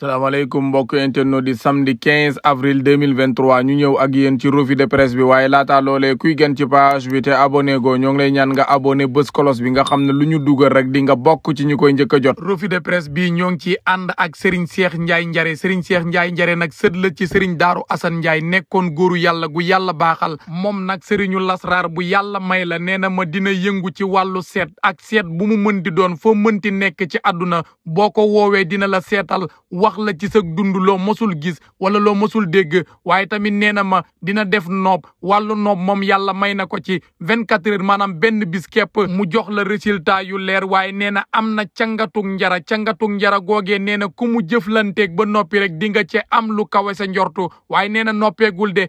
salaamaaleykum mbokk internet di samedi 15 avril 2023 ñu ñëw ak yéen ci revue de presse bi waaye laata loolee kuy gën ci page bi te abonné go ñoo ngi lay ñaan nga abonné bés kolos bi nga xam ne lu ñu dugal rek di nga bokk ci ñu koy njëkk jot revue de presse bi ñoo ngi ci ànd ak Serigne Cheikh Ndiaye Njare seriñ Cheikh Ndiaye Njare nag sët la ci Serigne Daaru Assane Ndiaye nekkoon góoru yàlla gu yàlla baaxal moom nag seriñu Lasrar bu yàlla may la nee na ma dina yëngu ci wàllu seet ak seet bu mu mën di doon foo mënti nekk ci àdduna boo ko woowee dina la seetal wax la ci sa dund loo mosul gis wala loo mosul dégg waaye tamit nee na ma dina def noob wàllu noob moom yàlla may na ko ci vingt quatre heures maanaam benn bis képp mu jox la résultat yu leer waaye nee na am na cangatug njara cangatug njara googee nee na ku mu jëflanteeg ba noppi rek di nga ci am lu kawe sa njortu waaye nee na de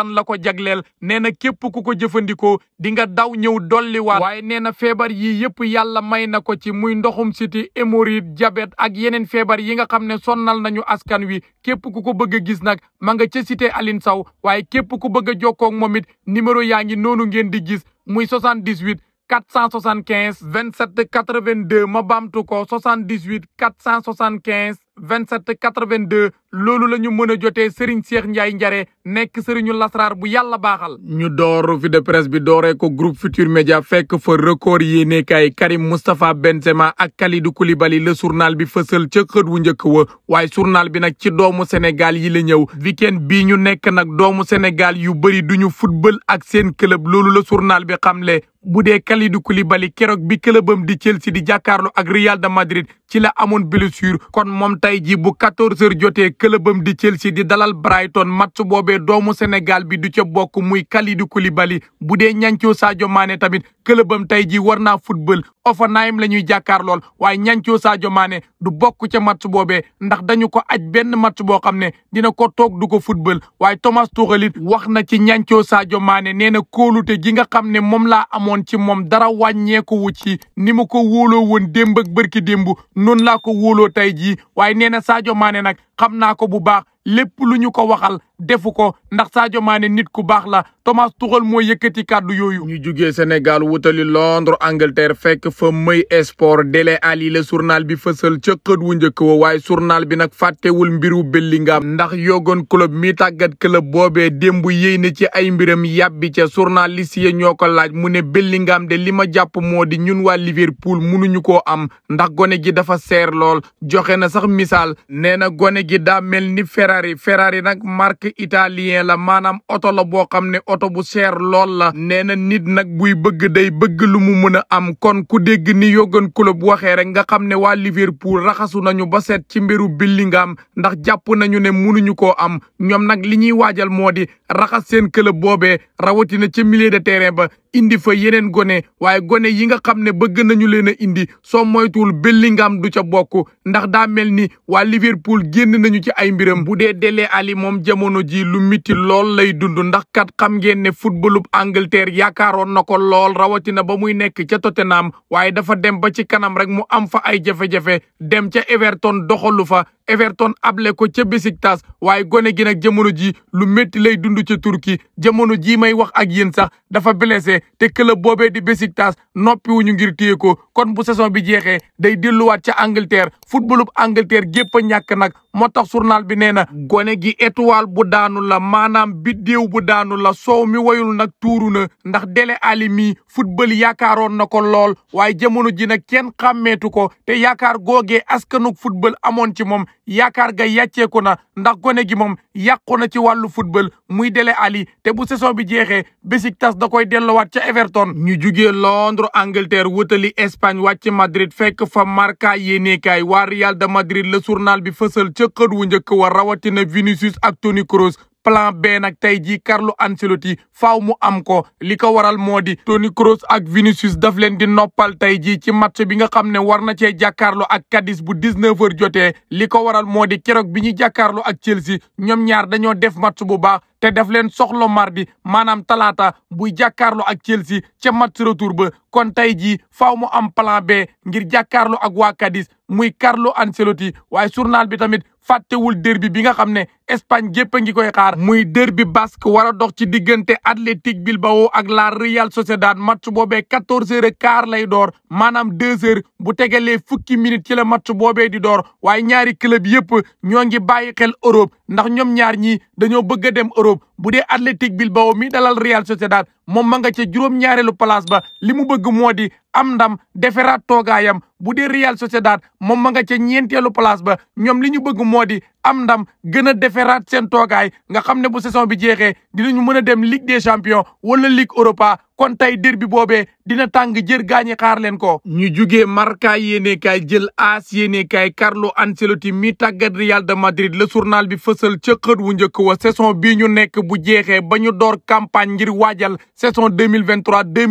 tan la ko jagleel nee na képp ku ko jëfandikoo di nga daw ñëw dolliwaat waaye nee na feebar yi yëpp yalla may na ko ci muy ndoxum siti hémorroïde diabète ak yeneen feebar yi nga xam ne sonnal nañu askan wi képp ku ko bëgg a gis nag ma nga ca cité Aline Sow waaye képp ku bëgg a jokkoo ak moom it numéro yaa ngi noonu ngeen di gis muy 78 475 27 82 ma baamtu ko 78 475 27 82 loolu la ñu mën a jotee Serigne Cheikh Ndiaye Njare nekk Serigne Lasrar bu yàlla baaxal. ñu door revue de presse bi dooree ko groupe Futur Média fekk fa record yéene kaay Karim Moustapha Benzema ak Kalidou Koulibaly la surnal bi fësal ca xët wu njëkk wa waaye surnal bi nag ci doomu Sénégal yi la ñëw weekend bii ñu nekk nag doomu Sénégal yu bëri du ñu football ak seen club loolu la journal bi xamle bu dee Kalidou Koulibaly keroog bi këlëbam di Chelsea di jàkkaarloo ak Real de Madrid ci la amoon blessure kon moom tey ji bu 14h jotee këlëbam di Chelsea di dalal Brighton match boobee doomu Sénégal bi du ca bokk muy Kalidou Koulibaly bu dee ñancoo Sadio Mané tamit këlëbam tey ji war naa football Hoffenheim la ñuy jàkkaarlool waaye ñancoo Sadio Mané du bokk ca match boobee ndax dañu ko aj benn match boo xam ne dina ko toog du ko football waaye Thomas Tuchel it wax na ci ñancoo Sadio Mané nee na kóolute gi nga xam ne moom laa amoon amoon ci moom dara wàññeekuwu ci ni ma ko wóoloo woon démb ak bërki démb noonu laa ko wóoloo tey jii waaye nee na Sadio Mané nag xam naa ko bu baax lépp lu ñu ko waxal defu ko ndax Sadio Mané nit ku baax la Thomas Tuchel moo yëkkati kàddu yooyu. ñu jugee Sénégal wutali Londres Angleterre fekk fa may sport Dele Alli la bi fësal ca xët wu njëkk wa waaye sournal bi nag fàttewul mbiru Bellingham ndax yogoon club mi tàggat club boobee démb yéy na ci ay mbiram yàbbi ca journaliste yi ñoo ko laaj mu ne Bellingham de li ma jàpp moo di ñun waa Liverpool mënuñu koo am ndax gone gi dafa seer lool joxe na sax misaal nee na gone gi gi daa ni Ferrari Ferrari nag marque italien la maanaam oto la boo xam ne oto bu seer lool la nee na nit nag buy bëgg day bëgg lu mu mën a am kon ku dégg ni Jürgen Klopp waxee rek nga xam ne waa Liverpool raxasu nañu ba set ci mbiru Bellingham ndax jàpp nañu ne mënuñu koo am ñoom nag li ñuy waajal moo di raxas seen club boobee rawatina ca milieu de terrain ba indi fa yeneen gone waaye gone yi nga xam ne bëgg nañu leen a indi soo moytuwul Bellingham du ca bokk ndax daa mel ni waa Liverpool génn nañu ci ay mbiram bu dee Dele Alli moom jamono ji lu miti lool lay dund ndax kat xam ngeen ne footballub Angleterre yaakaaroon na ko lool rawatina ba muy nekk ca Tottenham waaye dafa dem ba ci kanam rek mu am fa ay jafe-jafe dem ca Everton doxalu fa Everton able ko ca Besiktas waaye gone gi nag jamono ji lu métti lay dund ca Turquie jamono jii may wax ak yéen sax dafa blessé te club boobee di Besiktas noppiwuñu ngir téye ko kon bu saison bi jeexee day delluwaat ca Angleterre footballu Angleterre gépp a ñàkk nag moo tax journal bi nee na gone gi étoile bu daanu la maanaam biddéew bu daanu la soow mi wayul nag tuuru na ndax Dele Alli mi football yaakaaroon na ko lool waaye jamono ji nag kenn xàmmeetu ko te yaakaar googee askanug football amoon ci moom yaakaar ga yàcceeku na ndax gone gi moom yàqu na ci wàllu football muy Dele Alli te bu saison bi jeexee Besiktas da koy delluwaat ca Everton. ñu jugee Londres Angleterre wutali Espagne wàcc Madrid fekk fa Marca yéenekaay waa Real de Madrid la surnal bi fësal ca wu njëkk wa rawatina Vinicius ak Toni Kroos plan B nag tey jii Carlo Ancelotti faaw mu am ko li ko waral moo di Toni Kroos ak Vinicius daf leen di noppal tey jii ci match bi nga xam ne war na cee jàkkaarloo ak Cadiz bu 19h jotee li ko waral moo di keroog bi ñu jàkkaarloo ak Chelsea ñoom ñaar dañoo def match bu baax. te def leen soxla mardi maanaam talaata buy jàkkaarloo ak Chelsea ca match retour ba kon tey jii faaw mu am plan B ngir jàkkaarloo ak waa Cadiz muy Carlo Ancelotti waaye journal bi tamit fàttewul derbi bi nga xam ne Espagne gépp a ngi koy xaar muy derbi basque war a dox ci diggante Athletic Bilbao ak la Real Sociedad match boobee quatorze heures et quart lay door maanaam deux heures bu tegalee fukki minutes ci la match boobee di door waaye ñaari club yëpp ñoo ngi bàyyi xel Europe ndax ñoom ñaar ñii dañoo bëgg dem Europe Diop bu dee Athletic Bilbao mi dalal Real Sociedad moom ma nga ca juróom-ñaareelu place ba li mu bëgg moo di am ndam deferaat toogaayam bu dee Real Sociedad moom ma nga ca ñeenteelu place ba ñoom li ñu bëgg moo di am ndam gën a deferaat seen toogaay nga xam ne bu saison bi jeexee dinañu mën a dem Ligue des Champions wala Ligue Europa kon tey derbi boobee dina tàng jër gaañi xaar leen ko. ñu jugee Marca yéene kaay jël AS yéene kaay Carlo Ancelotti mi tàggat Real de Madrid le journal bi fësal ca xët njëkk wa saison bii ñu nekk bu jeexee ba ñu door campagne ngir waajal saison deux deux mille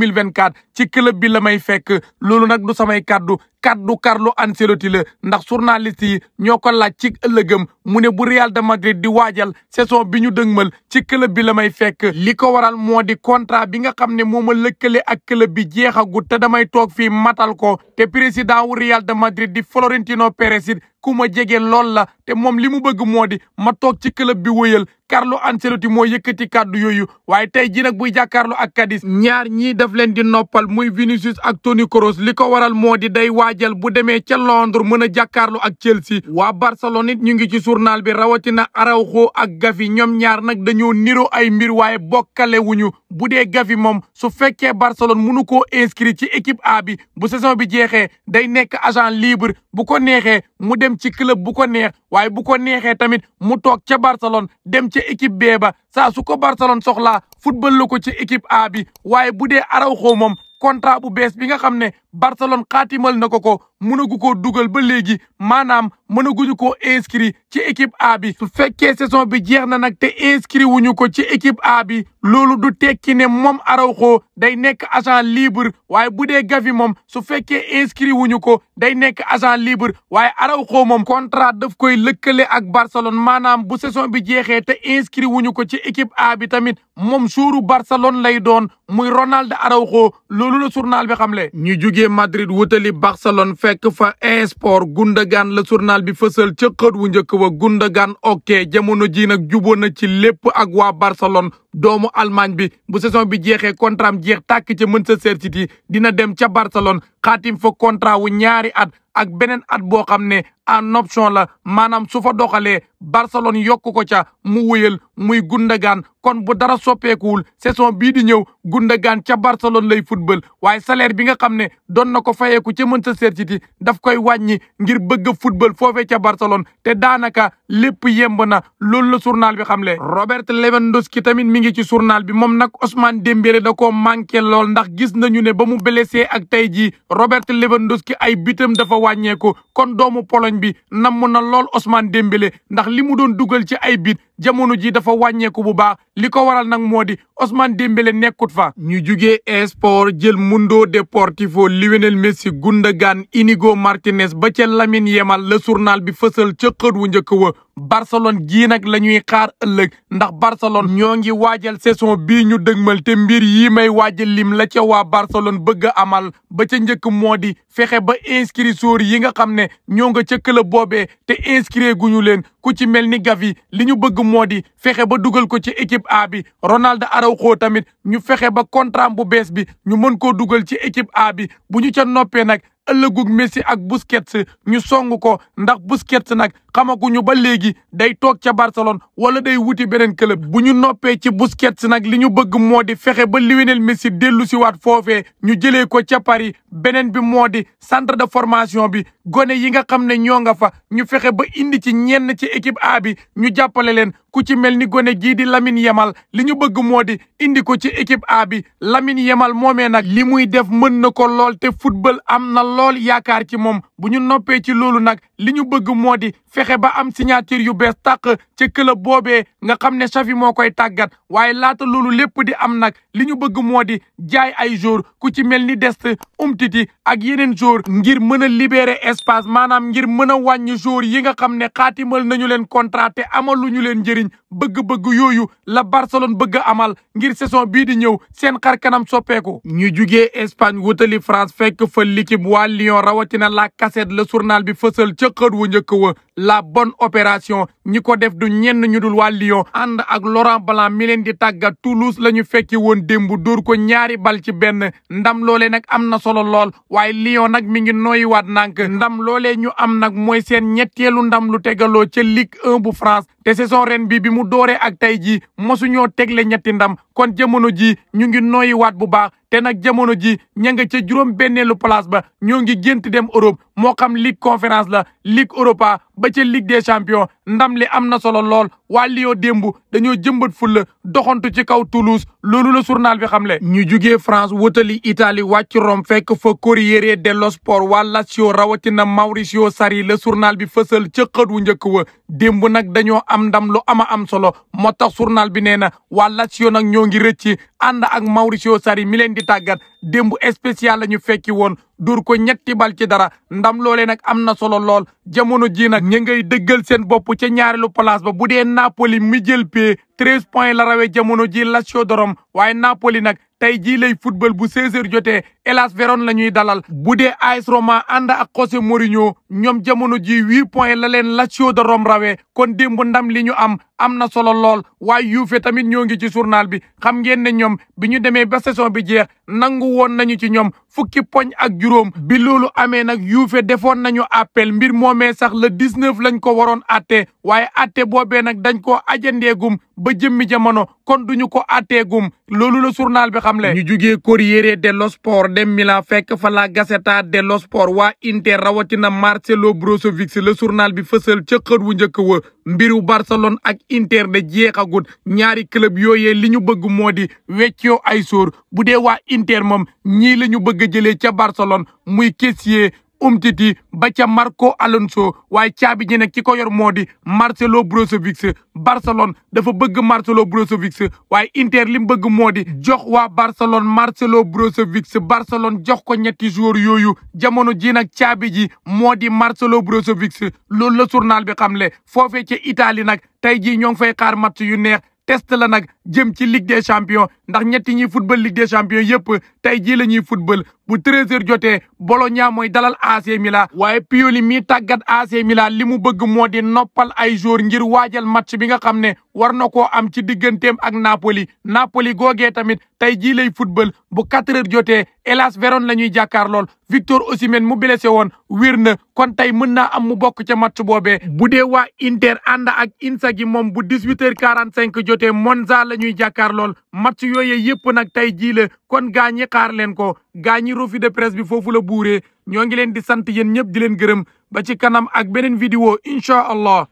mille vingt 2024 ci club bi la may fekk loolu nag du samay kàddu kaddu Carlo Ancelotti la ndax journaliste yi ñoo ko laaj ci ëllëgëm mu ne bu Real de Madrid di waajal saison bi ñu dëgmal ci club bi la may fekk. li ko waral moo di contrat bi nga xam ne moo ma lëkkale ak club bi jeexagut te damay toog fii matal ko te président wu Real de Madrid di Florentino Perez it ku ma jege lool la te moom li mu bëgg moo di ma toog ci club bi wëyal Carlo Ancelotti moo yëkkati kàddu yooyu waaye tey jii nag buy jàkkaarloo ak Cadiz ñaar ñii daf leen di noppal muy Vinicius ak Toni Kroos li ko waral moo waajal bu demee ca Londres mën a jàkkaarlu ak Chelsea waa Barcelone it ñu ngi ci journal bi rawatina Araujo ak Gavi ñoom ñaar nag dañoo niro ay mbir waaye bokkale wuñu bu dee Gavi moom su fekkee Barcelone munu ko inscrit ci équipe A bi bu saison bi jeexee day nekk agent libre bu ko neexee mu dem ci club bu ko neex waaye bu ko neexee tamit mu toog ca Barcelone dem ci équipe B ba saa su ko Barcelone soxlaa futball la ko ci équipe A bi waaye bu dee Araujo moom contrat bu bees bi nga xam ne Barcelone xaatimal na ko ko mënagu koo dugal ba léegi maanaam mënaguñu koo inscrit ci équipe A bi su fekkee saison bi jeex na nag te inscrit wuñu ko ci équipe A bi loolu du tekki ne moom Araujo day nekk agent libre waaye bu dee Gavi moom su fekkee inscrit wuñu ko day nekk agent libre waaye Araujo moom contrat daf koy lëkkale ak Barcelone maanaam bu saison bi jeexee te inscrit wuñu ko ci équipe A bi tamit moom suuru Barcelone lay doon muy Ronald Araujo loolu la journal jógee Madrid wutali Barcelone fekk fa esport Gundogan la journal bi fësal ca xët wu njëkk wa Gundogan ok jamono ji nag juboo na ci lépp ak waa Barcelone doomu Allemagne bi bu saison bi jeexee contrat jeex tàkk ca Manchester City dina dem ca Barcelone xaatim fa contrat wu ñaari at ak beneen at boo xam ne en option la maanaam su fa doxalee Barcelone yokku ko ca mu wuyal muy Gundogan kon bu dara soppeekuwul saison bii di ñëw Gundogan ca Barcelone lay football waaye salaire bi nga xam ne doon na ko fayeeku ca Manchester City daf koy wàññi ngir bëgg a football foofee ca Barcelone te daanaka lépp yemb na loolu la journal bi le Robert Lewandowski tamit mi ngi ci journal bi moom nag Ousmane Dembélé da ko manqué lool ndax gis nañu ne ba mu blessé ak tey jii Robert Lewandowski ay bitam dafa wàññeeku kon doomu Pologne bi namm na lool Ousmane Dembélé ndax li mu doon dugal ci ay bit jamono ji dafa wàññeeku bu baax li ko waral nag moo di Ousmane Dembélé nekkut fa ñu jugee Esport jël Mundo Deportivo Lionel Messi Gundogan Inigo Martinez ba ca Lamine yemal la journal bi fësal ca xët wu njëkk wa Barcelone gii nag la ñuy xaar ëllëg ndax Barcelone ñoo ngi waajal saison bi ñu dëgmal te mbir yi may waajal lim la ca waa Barcelone bëgg a amal ba ca njëkk moo di fexe ba inscrits yi nga xam ne ñoo nga ca club boobee te inscrire guñu leen ku ci mel ni Gavi li ñu bëgg moo di fexe ba dugal ko ci équipe A bi Ronald Araujo tamit ñu fexe ba contrat bu bees bi ñu mën koo dugal ci équipe A bi bu ñu ca noppee nag gug Messi ak Busquets ñu song ko ndax Busquets nag xamaguñu ba léegi day toog ca Barcelone wala day wuti beneen club bu ñu noppee ci Busquets nag li ñu bëgg moo di fexe ba Lionel Messi dellu si waat foofee ñu jëlee ko ca Paris beneen bi moo di centre de formation bi gone yi nga xam ne ñoo nga fa ñu fexe ba indi ci ñenn ci équipe A bi ñu jàppale leen ku ci mel ni gone gii di Lamine Yamal li ñu bëgg moo di indi ko ci équipe A bi Lamine Yamal moomee nag li muy def mën na ko lool te football am na lool yaakaar ci moom bu ñu noppee ci loolu nag li ñu bëgg moo di fexe ba am signature yu bees tàq ca club boobee nga xam ne Xavi moo koy tàggat waaye laata loolu lépp di am nag li ñu bëgg moo di jaay ay jour ku ci mel ni Dest Umtiti ak yeneen jour ngir mën a libérer espace maanaam ngir mën a wàññi jour yi nga xam ne xaatimal nañu leen contrat te amaluñu leen njëriñ bëgg-bëgg yooyu la Barcelone bëgg a amal ngir saison bii di ñëw seen xar soppeeku. ñu jugee Espagne wutali France fekk fa l'équipe waa Lyon rawatina la cassette la journal bi fësal ca xët wu njëkk wa la bonne opération ñi ko def du ñenn ñu dul waa Lyon ànd ak Laurent Blanc mi leen di tàggat Toulouse la ñu fekki woon démb dóor ko ñaari bal ci benn ndam loolee nag am na solo lool waaye Lyon nag mi ngi noyyiwaat nank ndam loolee ñu am nag mooy seen ñetteelu ndam lu tegaloo ca Ligue bu France te saison ren bi bi mu dooree ak tey jii mosuñoo tegle ñetti ndam kon jamono ji ñu ngi noyyiwaat bu baax te nag jamono ji ña nga ca juróom benneelu place ba ñoo ngi gént dem Europe moo xam Ligue conférence la Ligue Europa ba ca Ligue des champions ndam li am na solo lool waa Lyon démb dañoo jëmbat fulla doxantu ci kaw Toulouse loolu la journal bi xam xamle ñu jugee France wutali Italie wàcc Rome fekk fa Corriere dello Sport waa Lazio rawatina Mauricio Sarri la journal bi fësal ca njëkk wa démb nag dañoo am ndam lu ama am solo moo tax journal bi nee na waa Lazio nag ñoo ngi rëcc ànd ak Mauricio Sarri mi leen di tàggat démb spécial la ñu fekki woon dur ko ñetti bal ci dara ndam loolee nag am na solo lool jamono ji nag ñi ngay dëggal seen bopp ca ñaareelu place ba bu dee Napoli mi jël pee treize points la rawee jamono ji Lazio de Rome waaye Napoli nag tey jii lay football bu 16h jotee Hellas Vérone la ñuy dalal bu dee AS Roma ànd ak mori Mourinho ñoom jamono ji huit points la leen Lazio de Rome rawee kon démb ndam li ñu am am na solo lool waaye yuufe tamit ñoo ngi ci journal bi xam ngeen ne ñoom bi ñu demee ba seson bi jeex nangu woon nañu ci ñoom fukki poñ ak juróom bi loolu amee nag yuufe defoon nañu appel mbir moomee sax le 19 lañ ko waroon atte waaye atte boobee nag dañ ko ajandeegum ba jëmmi jamono kon duñu ko atteegum loolu la journal bi xamle ñu jugee Corriere dello Sport dem Milan fekk fa la Gazzetta dello Sport waa Inter rawatina Marcelo Brozovic le journal bi fësal ca xët wu njëkk wa mbiru Barcelone ak Inter de jeexagut ñaari club yooyee li ñu bëgg moo di weccoo ay sóor bu dee waa Inter moom ñii la ñu bëgg a jëlee ca Barcelone muy Kessié Umtiti ba ca Marco Alonso waaye caabi ji nag ci ko yor moo di Marcelo Brozovic Barcelone dafa bëgg Marcelo Brozovic waaye Inter li mu bëgg moo di jox waa Barcelone Marcelo Brozovic Barcelone jox ko ñetti joueur yooyu jamono ji nag caabi ji moo di Marcelo Brozovic loolu la journal bi xamle foofee ca Italie nag tey jii ñoo ngi fay xaar match yu neex test la nag jëm ci Ligue des Champions ndax ñetti ñuy football Ligue des Champions yëpp tey jii la ñuy football bu 13h jotee Bologna mooy dalal AC waaye Pioli mi tàggat AC Milan li mu bëgg moo di noppal ay jour ngir waajal match bi nga xam ne war na koo am ci digganteem ak Napoli Napoli googee tamit tey jii lay football bu 4h jotee Hellas Vérone la ñuy jàkkaar lool Victor Osimhen mu blessé woon wér na kon tey mën na am mu bokk ca match boobee bu dee waa Inter ànd ak gi moom bu 18h45 jotee Monza la ñuy jàkkaar lool match yooyee yëpp nag tey jii la kon gaa ñi xaar leen ko gaa ñi rofi de presse bi foofu la buuree ñoo ngi leen di sant yéen ñëpp di leen gërëm ba ci kanam ak beneen vidéo incha allah